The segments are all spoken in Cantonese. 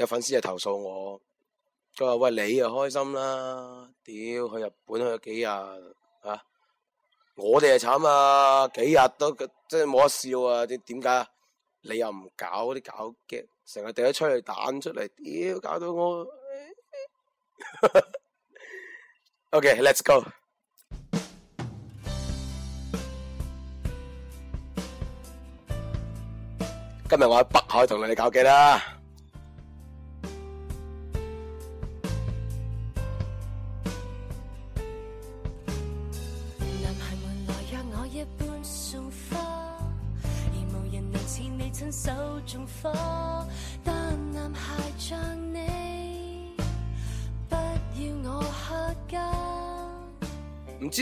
有粉絲就投訴我，佢話喂，你又開心啦，屌去日本去咗幾日啊？我哋就慘啊，幾日都即係冇得笑啊！點點解？你又唔搞啲搞機，成日掟咗出去彈出嚟，屌搞到我。哎哎、 o k、Okay, let's go， 今日我喺北海同你哋搞機啦。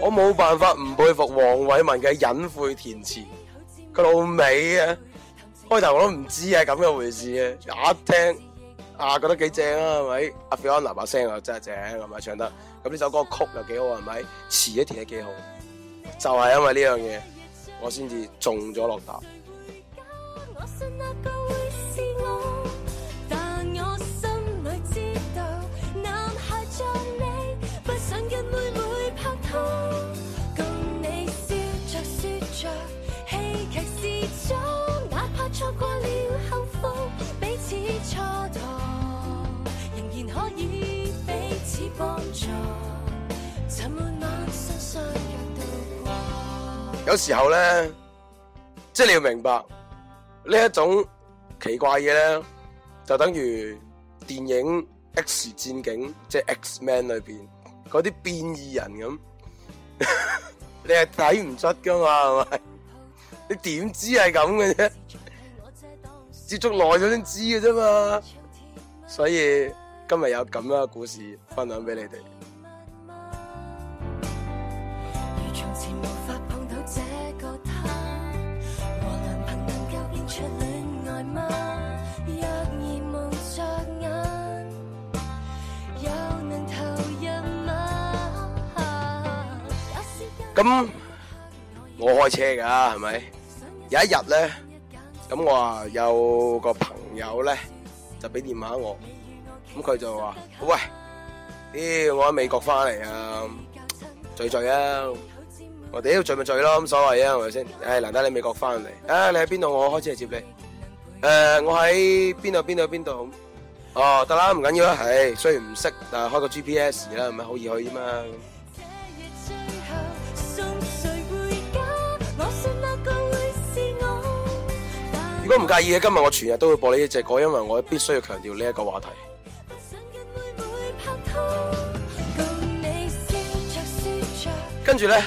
我冇辦法唔佩服黃偉文嘅隱晦填詞，佢老味啊，開頭我都唔知係咁嘅回事嘅，一聽，聽啊覺得幾正啊，係咪？阿 Fiona 把聲又真係正，係咪？唱得咁呢首歌曲又幾好，係咪？詞一填得幾好，就係、是、因為呢樣嘢，我先至中咗落搭。有時候咧，即係你要明白呢一種奇怪嘢咧，就等於電影 X 戰警，即係 Xman 裏邊嗰啲變異人咁， 你係睇唔出噶嘛，係咪？你點知係咁嘅啫？接觸耐咗先知嘅啫嘛，所以今日有咁樣嘅故事分享俾你哋。咁我開車噶係咪？有一日咧，咁我話有個朋友咧就俾電話我，咁佢就話：，好喂，唉，我喺美國翻嚟啊，聚聚啊！我哋聚咪聚咯，咁所謂啊，係咪先？唉，難得你美國翻嚟，唉，你喺邊度？我開車嚟接你。誒，我喺邊度？邊度？邊度？哦，得啦，唔緊要啦，係雖然唔識，但係開個 GPS 啦，咪好易去啊嘛。如果唔介意嘅，今日我全日都會播呢一隻歌，因為我必須要強調呢一個話題。嗯、跟住咧，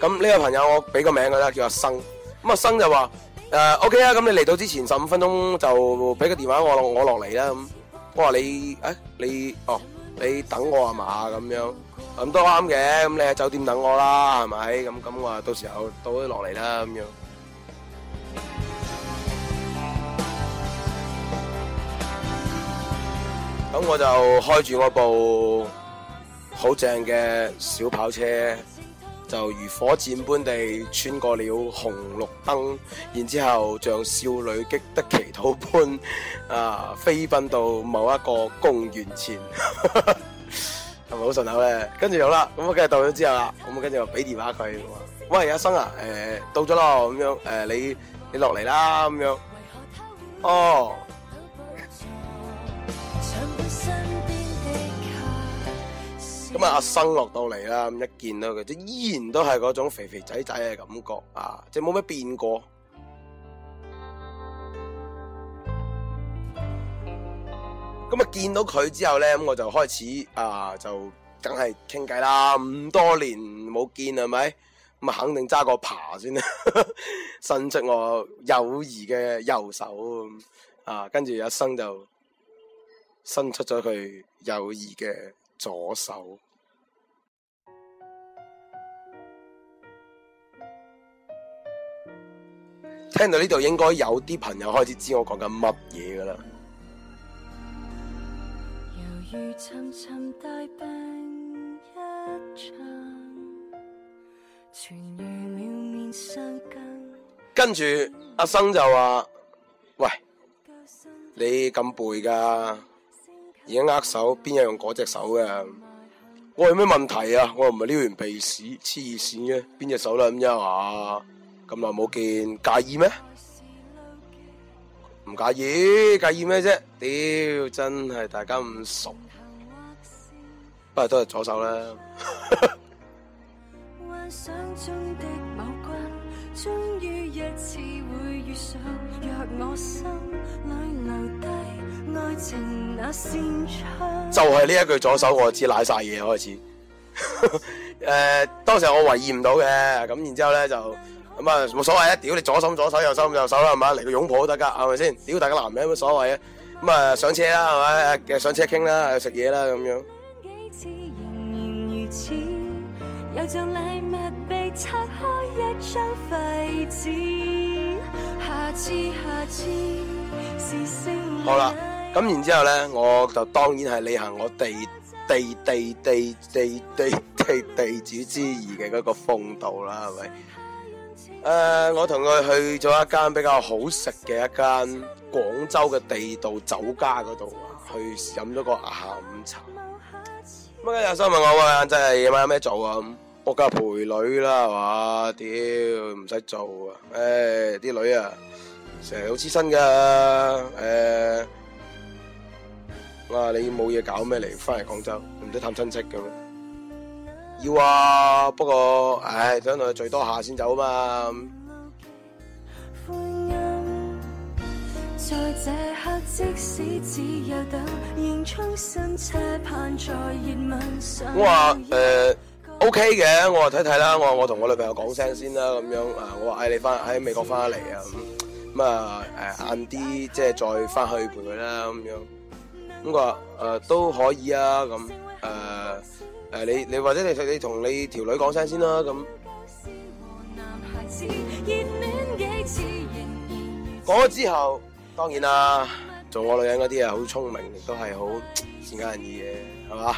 咁呢個朋友我俾個名佢啦，叫阿生。咁、嗯、阿生就話：誒、呃、，OK 啊，咁你嚟到之前十五分鐘就俾個電話我，我落嚟啦。咁我話你誒、哎，你哦，你等我啊嘛，咁樣咁、嗯、都啱嘅。咁你喺酒店等我啦，係咪？咁咁話到時候到咗落嚟啦，咁樣。咁我就開住我部好正嘅小跑車，就如火箭般地穿過了紅綠燈，然之後像少女激得祈禱般啊，飛奔到某一個公園前，係咪好順口咧？跟住有啦，咁我梗係到咗之後啦，咁我跟住就俾電話佢，喂，阿生啊，誒、呃、到咗啦，咁樣誒、呃、你你落嚟啦，咁樣哦。阿、啊、生落到嚟啦，咁一見到佢，即依然都係嗰種肥肥仔仔嘅感覺啊，即係冇咩變過。咁啊、嗯，見到佢之後咧，咁我就開始啊，就梗係傾偈啦。咁多年冇見，係咪？咁啊，肯定揸個扒先啦， 伸出我友誼嘅右手啊，跟住阿生就伸出咗佢友誼嘅左手。聽到呢度應該有啲朋友開始知我講緊乜嘢噶啦。跟住阿生就話：喂，你咁背噶，而家握手邊有用嗰隻手噶？我有咩問題啊？我唔係撩完鼻屎黐線嘅，邊隻手都咁樣啊？咁耐冇見介意咩？唔介意，介意咩啫？屌，真係大家唔熟，不過都係左手啦。幻想中的某君，終於一次會遇上，若我心裡留低，愛情那扇窗。就係呢一句左手，我知瀨晒嘢開始。誒、 呃，當時我懷疑唔到嘅，咁然之後咧就。咁啊，冇所謂啊！屌你左手左手右手右手啦，係咪？嚟個擁抱都得噶，係咪先？屌，大家男人有乜所謂啊？咁啊，上車啦，係咪？上車傾啦，食嘢啦，咁樣。好啦，咁然之後咧，我就當然係履行我地地地地地地地地主之誼嘅嗰個風度啦，係咪？誒、呃，我同佢去咗一間比較好食嘅一間廣州嘅地道酒家嗰度啊，去飲咗個下午茶。乜嘢有心問我啊，真係夜晚有咩做啊？咁我梗係陪女啦，哇！屌，唔使做，做、欸、啊！誒，啲女啊，成日好黐身噶。誒，我話你冇嘢搞咩嚟？翻嚟廣州唔使探親戚噶。要啊，不過，唉，等佢最多下先走嘛。嗯、我話，誒、呃、OK 嘅，我話睇睇啦，我話我同我女朋友講聲先啦，咁樣，誒，我話嗌你翻喺美國翻嚟啊，咁、嗯，咁、嗯、啊，誒、嗯，晏、嗯、啲即係再翻去陪佢啦，咁樣，咁我話，誒、呃，都可以啊，咁，誒、呃。誒、呃，你你或者你你同你條女講聲先啦，咁講咗之後，當然啦、啊，做我女人嗰啲、 嗯、啊，好聰明，亦都係好善解人意嘅，係嘛？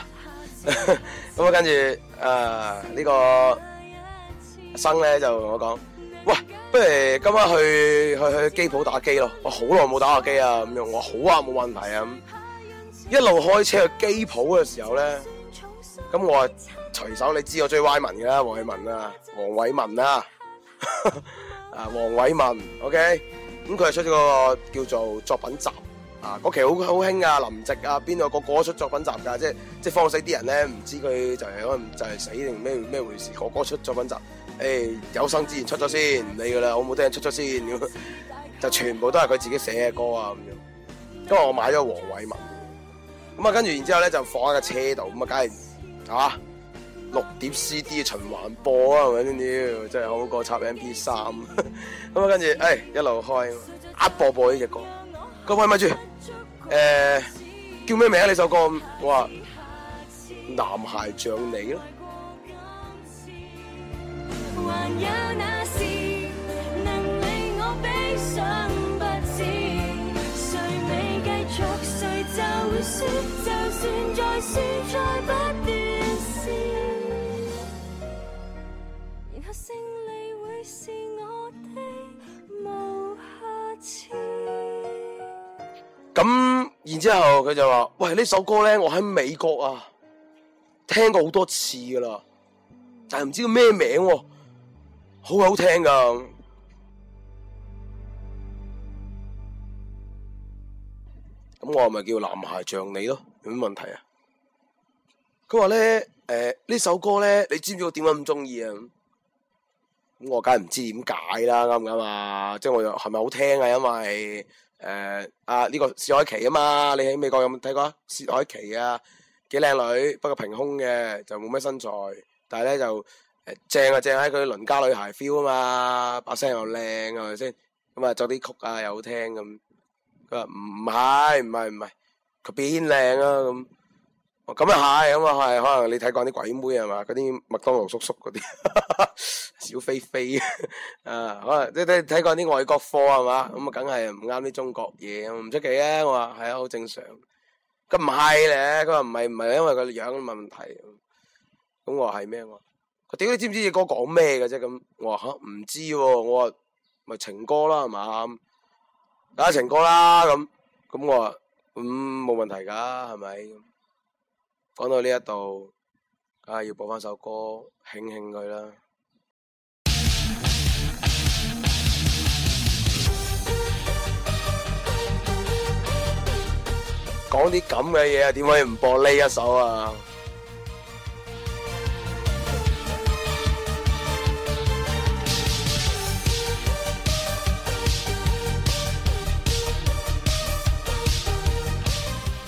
咁啊，跟住誒呢個阿生咧就同我講：喂，不如今晚去去去機鋪打機咯，我好耐冇打過機啊！咁樣我好啊，冇問題啊！一路開車去機鋪嘅時候咧。咁我隨手，你知我追歪文嘅啦，黃偉文啊，黃偉文啦、啊， 啊黃偉文，OK，咁佢係出咗個叫做作品集啊，嗰期好好興啊，林夕啊，邊度個個出作品集㗎、啊，即係即係放死啲人咧，唔知佢就係可能就係死定咩咩回事，個個出作品集，誒、欸、有生之年出咗先，唔理㗎啦，我冇聽人出咗先就全部都係佢自己寫嘅歌啊咁樣，因為我買咗黃偉文，咁啊跟住然之後咧就放喺個車度，咁啊梗係。啊，六碟 CD 循環播啊，咪真係好過插 MP 三，咁啊跟住，哎一路開，一、啊、播播呢隻歌。各位咪住，誒、呃、叫咩名啊？呢首歌我話男孩像你咯。然之後佢就話，喂，呢首歌咧，我喺美國啊聽過好多次噶啦，但係唔知叫咩名喎，好好聽噶。咁我係咪叫男孩像你咯？有咩問題啊？佢話咧，誒、呃，呢首歌咧，你知唔知我點解咁中意啊？咁我梗係唔知點解啦，啱唔啱啊？即係我又係咪好聽啊？因為。誒、啊，啊呢、這個薛凱琪啊嘛，你喺美國有冇睇過薛凱琪啊，幾靚女，不過平胸嘅，就冇咩身材，但係咧就誒、呃、正啊正喺佢鄰家女孩 feel 啊嘛，把聲又靚，係咪先？咁、嗯、啊，作啲曲啊又好聽咁。佢話唔唔係唔係唔係，佢變靚啊。咁、嗯。哦、嗯，咁啊係，咁啊係，可能你睇過啲鬼妹係嘛？嗰啲麥當勞叔叔嗰啲。哈哈哈哈小飛飛 啊，可能你睇過啲外國貨係嘛，咁啊梗係唔啱啲中國嘢，唔出奇啊！我話係啊，好正常。咁唔係咧，佢話唔係唔係，因為個樣問題。咁我話係咩？我話屌你知唔知隻歌講咩嘅啫？咁我話吓唔知喎，我話咪情歌啦係嘛，梗係情歌啦咁。咁我話咁冇問題噶係咪？講到呢一度，梗係要播翻首歌慶慶佢啦。講啲咁嘅嘢啊，點解唔播呢一首啊？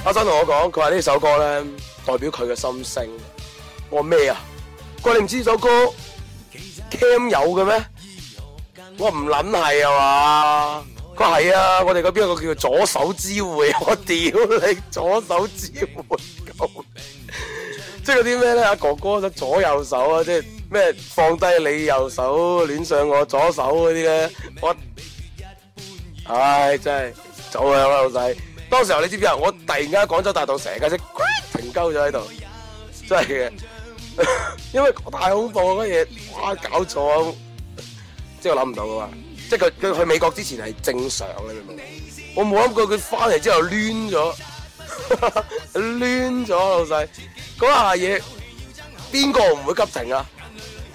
阿生同我講，佢話呢首歌咧代表佢嘅心聲。我話咩啊？佢話你唔知呢首歌 Cam 有嘅咩？我唔諗係啊嘛。佢係啊，我哋嗰邊有個叫做左手之會，我屌你左手之會，救命！即係嗰啲咩咧？阿哥哥想左右手啊，即係咩放低你右手戀上我左手嗰啲咧？我，唉、哎，真係，走啊，老細。當時候你知唔知啊？我突然間廣州大道成架車停鳩咗喺度，真係嘅，因為太恐怖嗰嘢，哇搞錯，即係我諗唔到啊嘛。即係佢佢去美國之前係正常嘅，你明唔明？我冇諗過佢翻嚟之後攣咗，攣 咗老細，嗰下嘢邊個唔會急停啊？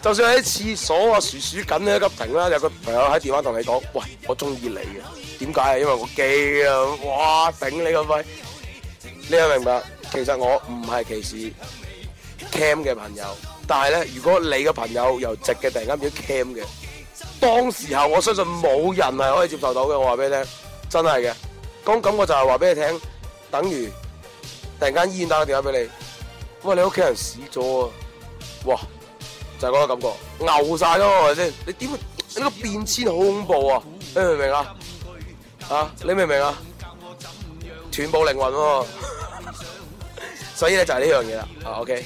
就算喺廁所啊，薯薯緊咧急停啦！有個朋友喺電話同你講，喂，我中意你嘅，點解啊？因為我 gay 啊！哇，頂你個肺！你又明白，其實我唔係歧視 cam 嘅朋友，但係咧，如果你嘅朋友又直嘅突然間變 cam 嘅。當時候，我相信冇人係可以接受到嘅。我話俾你聽，真係嘅。咁、那個、感覺我就係話俾你聽，等於突然間醫院打個電話俾你，喂，你屋企人死咗啊！哇，就係、是、嗰個感覺，牛晒咯，係咪先？你點？你這個變遷好恐怖啊！你明唔明啊？啊，你明唔明啊？斷步靈魂、啊呵呵，所以咧就係呢樣嘢啊。好 OK。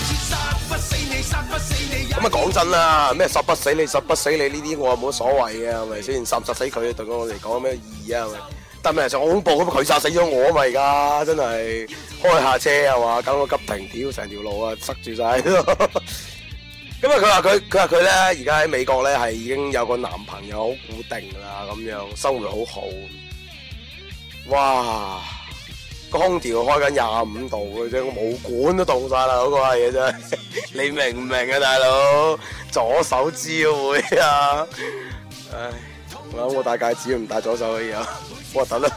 殺不死你，殺不死你。咁啊，講真啦，咩殺不死你，殺不死你呢啲，我啊冇乜所謂啊，係咪先？殺不死佢，對我嚟講有咩意義啊？係咪？但係成日好恐怖，咁佢殺死咗我啊嘛！而家真係開下車啊嘛，搞到急停，屌成條路啊塞住晒。咁啊，佢話佢，佢話佢咧，而家喺美國咧係已經有個男朋友好固定啦，咁樣生活好好。哇！個空調開緊廿五度嘅啫，我毛管都凍晒啦，好鬼係嘅真係， 你明唔明白啊，大佬？左手之會啊， 唉，我我戴戒指唔戴左手嘅又 等， 我等啦，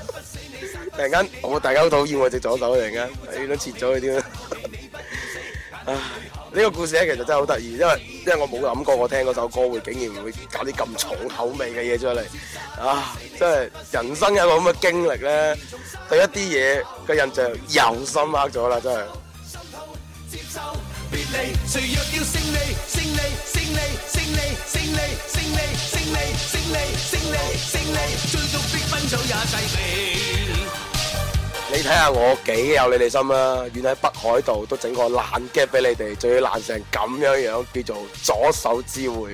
突然間我大家好討厭我隻左手突然間，你都切咗佢添！啊。呢個故事咧其實真係好得意，因為因為我冇諗過我聽嗰首歌會竟然會搞啲咁重口味嘅嘢出嚟，啊！真係人生有個咁嘅經歷咧，對一啲嘢嘅印象又深刻咗啦，真係。你睇下我幾有你哋心啦，遠喺北海道都整個爛 gap 俾你哋，仲要爛成咁樣樣，叫做左手之會。